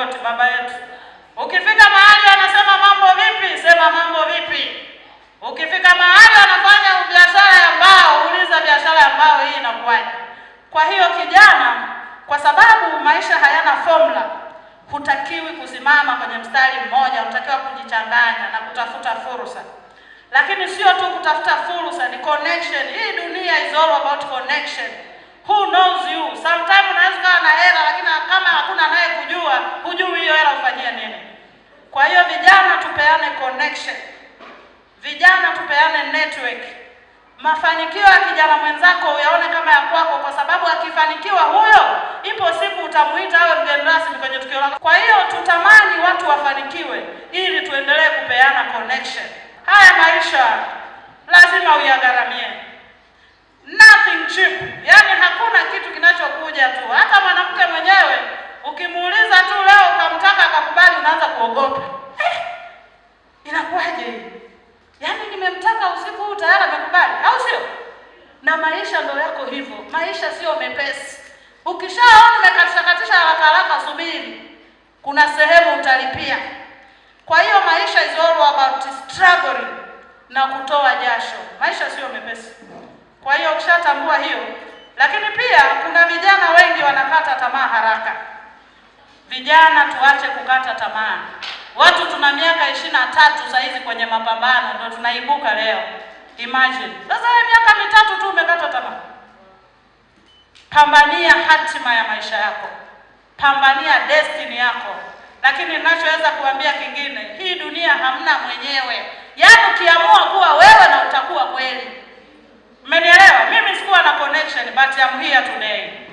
yote. Baba yetu, ukifika mahali anasema mambo vipi, sema mambo vipi. Ukifika mahali anafanya biashara ya mbao, uliza biashara ya mbao hii inakuwaje? Kwa hiyo kijana, kwa sababu maisha hayana formula, hutakiwi kusimama kwenye mstari mmoja, unatakiwa kujichanganya na kutafuta fursa. Lakini sio tu kutafuta fursa, ni connection. Hii dunia is all about connection. Who knows you? Sometimes unaweza kuwa na hela lakini kama hakuna naye kujua, hujui hiyo hela ufanyia nini. Kwa hiyo vijana, tupeane connection, vijana tupeane network. Mafanikio ya kijana mwenzako uyaone kama ya kwako, kwa sababu akifanikiwa huyo, ipo siku utamuita awe mgeni rasmi kwenye tukio lako. Kwa hiyo tutamani watu wafanikiwe, ili tuendelee kupeana connection. Haya maisha lazima uyagharamie, nothing cheap, yani kuja tu. Hata mwanamke mwenyewe ukimuuliza tu leo ukamtaka akakubali, unaanza kuogopa eh, inakuwaje hii? Yaani nimemtaka usiku huu tayari amekubali, au sio? Na maisha ndo yako hivyo, maisha sio mepesi. Ukishaona umekatisha katisha haraka haraka, subiri, kuna sehemu utalipia. Kwa hiyo maisha is all about struggling na kutoa jasho. Maisha sio mepesi. Kwa hiyo ukishatambua hiyo, lakini pia vijana wengi wanakata tamaa haraka. Vijana tuache kukata tamaa. Watu tuna miaka ishirini na tatu saa hizi kwenye mapambano ndo tunaibuka leo. Imagine sasa, wewe miaka mitatu tu umekata tamaa. Pambania hatima ya maisha yako, pambania destiny yako. Lakini ninachoweza kuambia kingine, hii dunia hamna mwenyewe, yaani ukiamua kuwa wewe na utakuwa kweli. Mmenielewa? Mimi sikuwa na connection but I'm here today.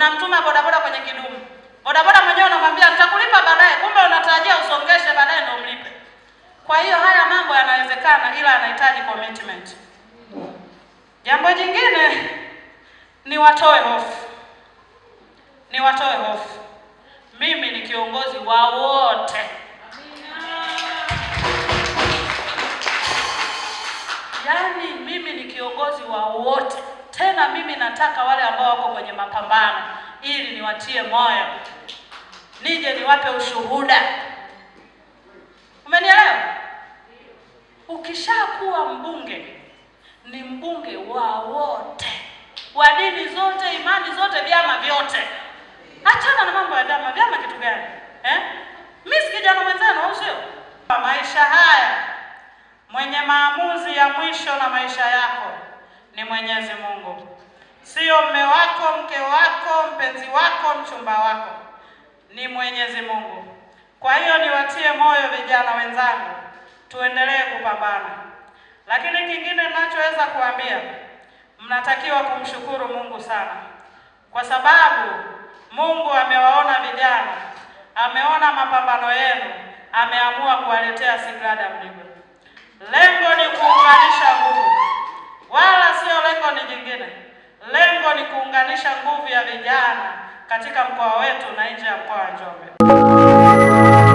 unamtuma bodaboda kwenye kidumu. Bodaboda mwenyewe unamwambia nitakulipa baadaye, kumbe unatarajia usongeshe baadaye ndio umlipe. Kwa hiyo haya mambo yanawezekana, ila yanahitaji commitment. Jambo jingine ni watoe hofu, ni watoe hofu. Mimi ni kiongozi wa wote, yaani mimi ni kiongozi wa wote, tena mimi nataka wale ambao wako kwenye mapambano ili niwatie moyo, nije niwape ushuhuda. Umenielewa? Ukishakuwa mbunge, ni mbunge wa wote, wa dini zote, imani zote, vyama vyote. Achana na mambo ya vyama. Vyama kitu gani eh? Mi si kijana mwenzenu, au sio? Maisha haya mwenye maamuzi ya mwisho na maisha yako ni Mwenyezi Mungu sio mme wako, mke wako, mpenzi wako, mchumba wako, ni Mwenyezi Mungu. Kwa hiyo niwatie moyo vijana wenzangu, tuendelee kupambana. Lakini kingine ninachoweza kuambia, mnatakiwa kumshukuru Mungu sana, kwa sababu Mungu amewaona vijana, ameona mapambano yenu, ameamua kuwaletea Sigrada Mligo. katika mkoa wetu na nje ya mkoa wa Njombe.